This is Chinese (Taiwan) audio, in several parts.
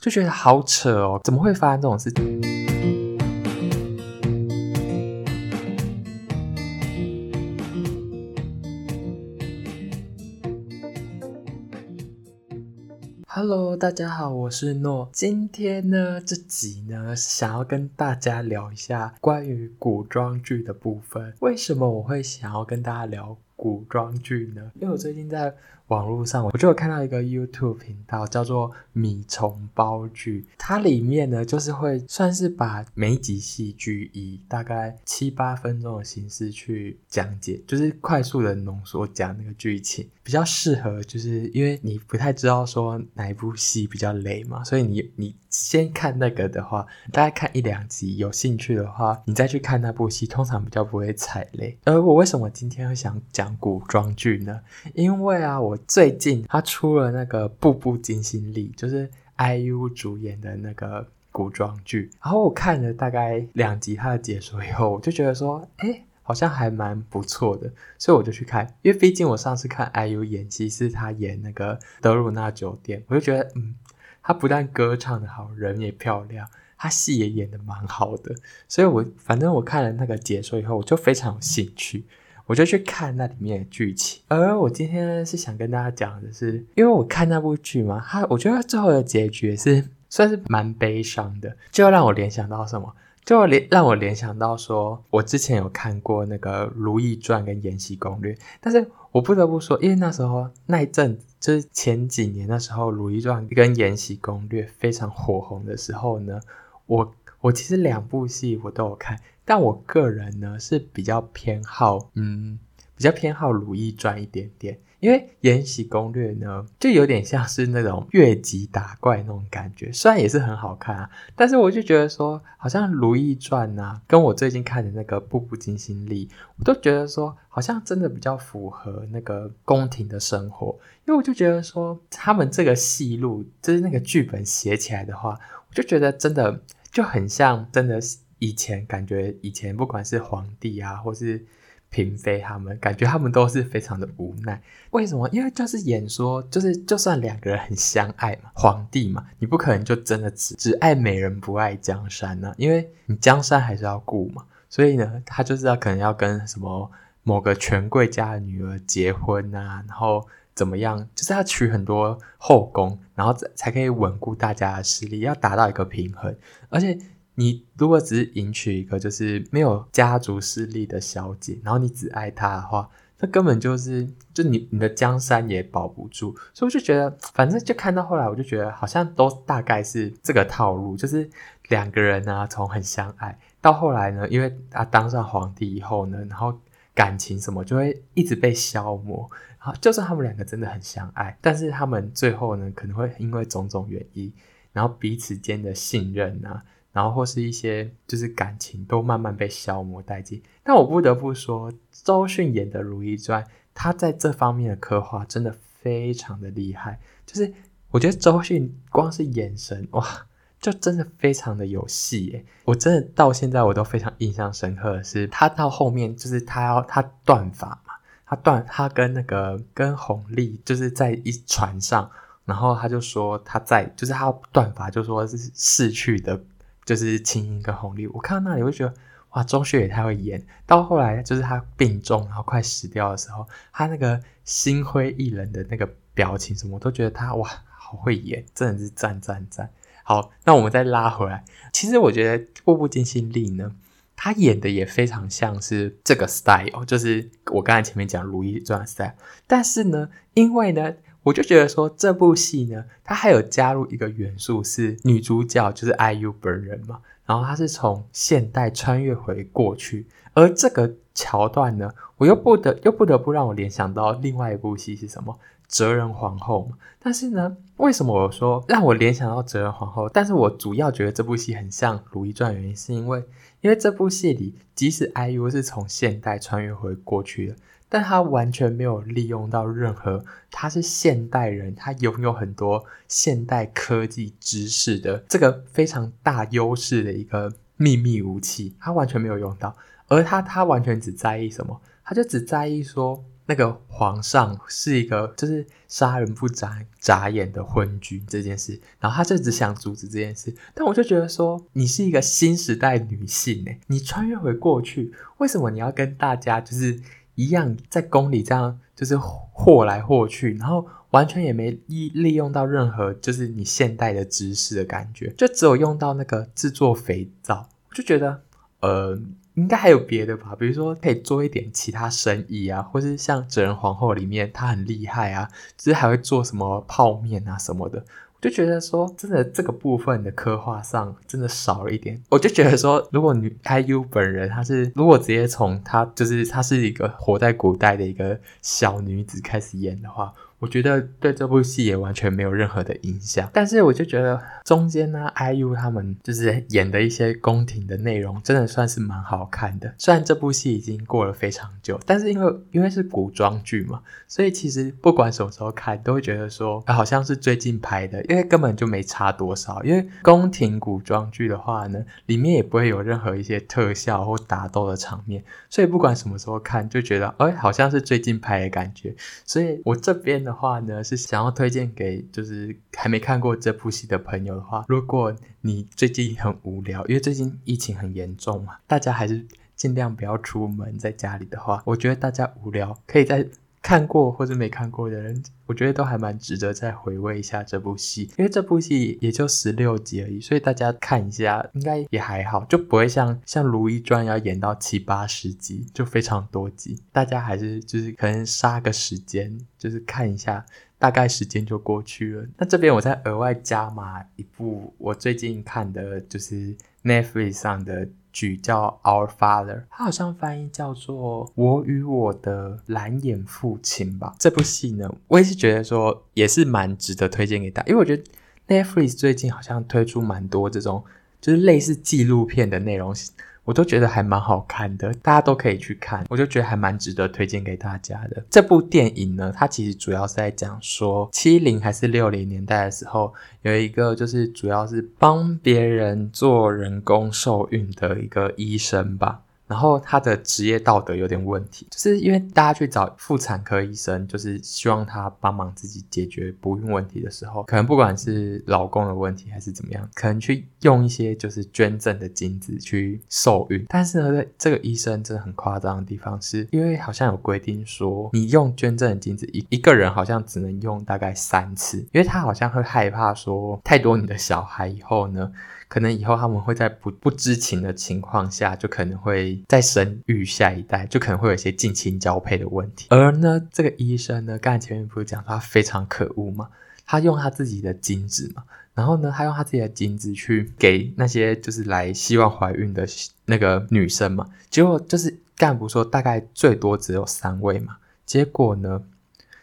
就覺得好扯哦，怎麼會發生這種事情 ？Hello，大家好，我是諾。今天呢，這集呢，想要跟大家聊一下關於古裝劇的部分。為什麼我會想要跟大家聊古裝劇呢？因為我最近在，網絡上，我就有看到一個 YouTube 頻道叫做“米蟲包劇”，它裡面呢，就是會算是把每一集戲劇以大概七八分鐘的形式去講解，就是快速的濃縮講那個劇情，比較適合，就是因為你不太知道說哪一部戲比較雷嘛，所以你你先看那個的話，大概看一兩集，有興趣的話，你再去看那部戲，通常比較不會踩雷。而我為什麼今天會想講古裝劇呢？因為啊，我。最近他出了那個《步步驚心麗》，就是 IU 主演的那個古裝劇，然後我看了大概兩集他的解說以後，我就覺得說，哎、欸，好像還蠻不錯的，所以我就去看，因為畢竟我上次看 IU 演戲是他演那個《德魯納酒店》，我就覺得，嗯，他不但歌唱得好，人也漂亮，他戲也演得蠻好的，所以我，我反正我看了那個解說以後，我就非常有興趣。我就去看那裡面的劇情，而我今天是想跟大家講的是，因為我看那部劇嘛，他我覺得最後的結局是算是蠻悲傷的，就讓我聯想到什麼，就聯讓我聯想到說，我之前有看過那個《如懿傳》跟《延禧攻略》，但是我不得不說，因為那時候那一陣就是前幾年那時候，《如懿傳》跟《延禧攻略》非常火紅的時候呢，我我其實兩部戲我都有看。但我個人呢是比較偏好，嗯，比較偏好《如懿傳》一點點，因為《延禧攻略》呢就有點像是那種越級打怪那種感覺，雖然也是很好看啊，但是我就覺得說，好像《如懿傳》吶，跟我最近看的那個《步步驚心麗》，我都覺得說，好像真的比較符合那個宮廷的生活，因為我就覺得說，他們這個戲路，就是那個劇本寫起來的話，我就覺得真的就很像真的。以前感覺，以前不管是皇帝啊，或是嬪妃，他們感覺他們都是非常的無奈。為什麼？因為就是演說，就是就算兩個人很相愛嘛，皇帝嘛，你不可能就真的只只愛美人不愛江山呢，啊？因為你江山還是要顧嘛。所以呢，他就是要可能要跟什麼某個權貴家的女兒結婚吶，啊，然後怎麼樣？就是要娶很多後宮，然後才可以穩固大家的勢力，要達到一個平衡，而且。你如果只是迎娶一個就是沒有家族勢力的小姐，然後你只愛她的話，那根本就是就你你的江山也保不住。所以我就覺得，反正就看到後來，我就覺得好像都大概是這個套路，就是兩個人呢、啊、從很相愛到後來呢，因為他當上皇帝以後呢，然後感情什麼就會一直被消磨。然後就算他們兩個真的很相愛，但是他們最後呢可能會因為種種原因，然後彼此間的信任啊。然後或是一些就是感情都慢慢被消磨殆盡，但我不得不說，周迅演的《如懿傳》，他在這方面的刻畫真的非常的厲害。就是我覺得周迅光是眼神哇，就真的非常的有戲耶！我真的到現在我都非常印象深刻的是，他到後面就是他要他斷髮嘛，他斷他跟那個跟弘歷就是在一船上，然後他就說他在就是他要斷髮，就說是逝去的。就是青櫻跟紅綠，我看到那裡我就覺得哇，鍾旭也太會演。到後來就是他病重然後快死掉的時候，他那個心灰意冷的那個表情什麼，我都覺得他哇，好會演，真的是讚讚讚。好，那我們再拉回來，其實我覺得步步驚心麗呢，他演的也非常像是這個 style，就是我剛才前面講如懿傳的 style。但是呢，因為呢。我就覺得說這部戲呢，它還有加入一個元素，是女主角就是 IU 本人嘛，然後她是從現代穿越回過去，而這個橋段呢，我又不得又不得不讓我聯想到另外一部戲是什麼《哲人皇後》嘛。但是呢，為什麼我說讓我聯想到《哲人皇後》，但是我主要覺得這部戲很像《如懿傳》的原因，是因為因為這部戲裡，即使 IU 是從現代穿越回過去的。但他完全沒有利用到任何，他是現代人，他擁有很多現代科技知識的這個非常大優勢的一個秘密武器，他完全沒有用到。而他，他完全只在意什麼？他就只在意說那個皇上是一個就是殺人不眨眨眼的昏君這件事，然後他就只想阻止這件事。但我就覺得說，你是一個新時代女性欸，你穿越回過去，為什麼你要跟大家就是？一樣在宮裡這樣就是晃來晃去，然後完全也沒利用到任何就是你現代的知識的感覺，就只有用到那個制作肥皂。我就覺得，呃，應該還有別的吧，比如說可以做一點其他生意啊，或是像哲仁皇后裡面她很厲害啊，就是還會做什麼泡麵啊什麼的。就覺得說，真的這個部分的刻畫上真的少了一點。我就覺得說，如果女 IU 本人她是如果直接從她就是她是一個活在古代的一個小女子開始演的話。我覺得對這部戲也完全沒有任何的影響，但是我就覺得中間呢、啊、IU 他們就是演的一些宮廷的內容，真的算是蠻好看的。雖然這部戲已經過了非常久，但是因為因為是古裝劇嘛，所以其實不管什麼時候看，都會覺得說、呃、好像是最近拍的，因為根本就沒差多少。因為宮廷古裝劇的話呢，裡面也不會有任何一些特效或打鬥的場面，所以不管什麼時候看，就覺得哎、呃、好像是最近拍的感覺。所以我這邊呢。的話呢，是想要推薦給就是還沒看過這部戲的朋友的話，如果你最近很無聊，因為最近疫情很嚴重嘛，大家還是盡量不要出門，在家裡的話，我覺得大家無聊可以在。看過或者沒看過的人，我覺得都還蠻值得再回味一下這部戲，因為這部戲也就十六集而已，所以大家看一下應該也還好，就不會像像《如懿傳》要演到七八十集，就非常多集，大家還是就是可能殺個時間，就是看一下，大概時間就過去了。那這邊我再額外加碼一部我最近看的，就是。Netflix 上的劇叫《Our Father》，它好像翻譯叫做《我與我的藍眼父親》吧。這部戲呢，我也是覺得說也是蠻值得推薦給大家，因為我覺得 Netflix 最近好像推出蠻多這種，就是類似紀錄片的內容。我都覺得還蠻好看的，大家都可以去看，我就覺得還蠻值得推薦給大家的。這部電影呢，它其實主要是在講說七零還是六零年代的時候，有一個就是主要是幫別人做人工受孕的一個醫生吧。然後他的職業道德有點問題，就是因為大家去找婦產科醫生，就是希望他幫忙自己解決不孕問題的時候，可能不管是老公的問題還是怎麼樣，可能去用一些就是捐贈的精子去受孕。但是呢，這個醫生真的很誇張的地方是，是因為好像有規定說，你用捐贈的精子一一個人好像只能用大概三次，因為他好像會害怕說太多你的小孩以後呢。可能以後他們會在不不知情的情況下，就可能會再生育下一代，就可能會有一些近親交配的問題。而呢，這個醫生呢，剛才前面不是講說他非常可惡嗎？他用他自己的精子嘛，然後呢，他用他自己的精子去給那些就是來希望懷孕的那個女生嘛，結果就是幹部說大概最多只有三位嘛，結果呢，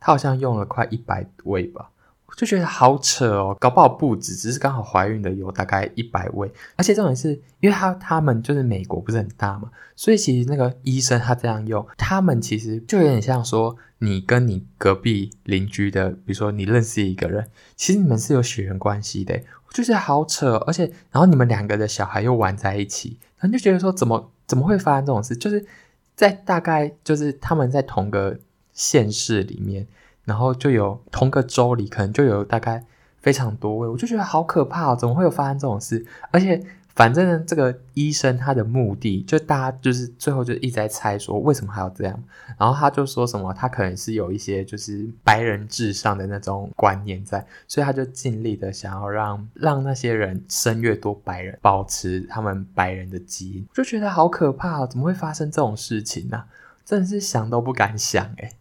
他好像用了快一百位吧。就覺得好扯哦，搞不好不止，只是剛好懷孕的有大概一百位，而且這種事因為他他們就是美國不是很大嘛，所以其實那個醫生他這樣用，他們其實就有點像說你跟你隔壁鄰居的，比如說你認識一個人，其實你們是有血緣關係的，就是好扯哦，而且然後你們兩個的小孩又玩在一起，然後就覺得說怎麼怎麼會發生這種事，就是在大概就是他們在同個縣市裡面。然後就有同個州裡，可能就有大概非常多位，我就覺得好可怕哦，怎麼會有發生這種事？而且反正呢，這個醫生他的目的，就大家就是最後就一直在猜說為什麼還要這樣。然後他就說什麼，他可能是有一些就是白人至上的那種觀念在，所以他就盡力的想要讓讓那些人生越多白人，保持他們白人的基因，就覺得好可怕哦，怎麼會發生這種事情呢？真的是想都不敢想，欸，誒。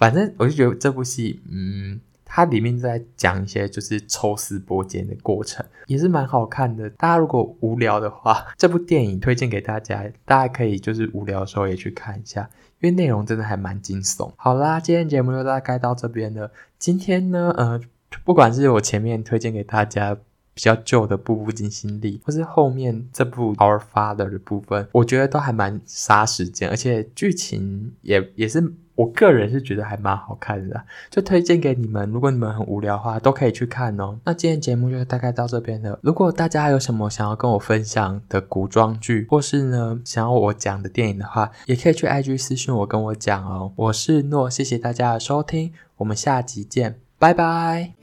反正我就覺得這部戲，嗯，它裡面在講一些就是抽絲剝繭的過程，也是蠻好看的。大家如果無聊的話，這部電影推薦給大家，大家可以就是無聊的時候也去看一下，因為內容真的還蠻驚悚。好啦，今天節目就大概到這邊了。今天呢，呃，不管是我前面推薦給大家比較舊的《步步驚心麗》或是後面這部《Our Father》的部分，我覺得都還蠻殺時間，而且劇情也也是。我個人是覺得還蠻好看的，就推薦給你們。如果你們很無聊的話，都可以去看哦。那今天節目就大概到這邊了。如果大家還有什麼想要跟我分享的古裝劇，或是呢想要我講的電影的話，也可以去 IG 私訊我，跟我講哦。我是諾，謝謝大家的收聽，我們下集見，拜拜。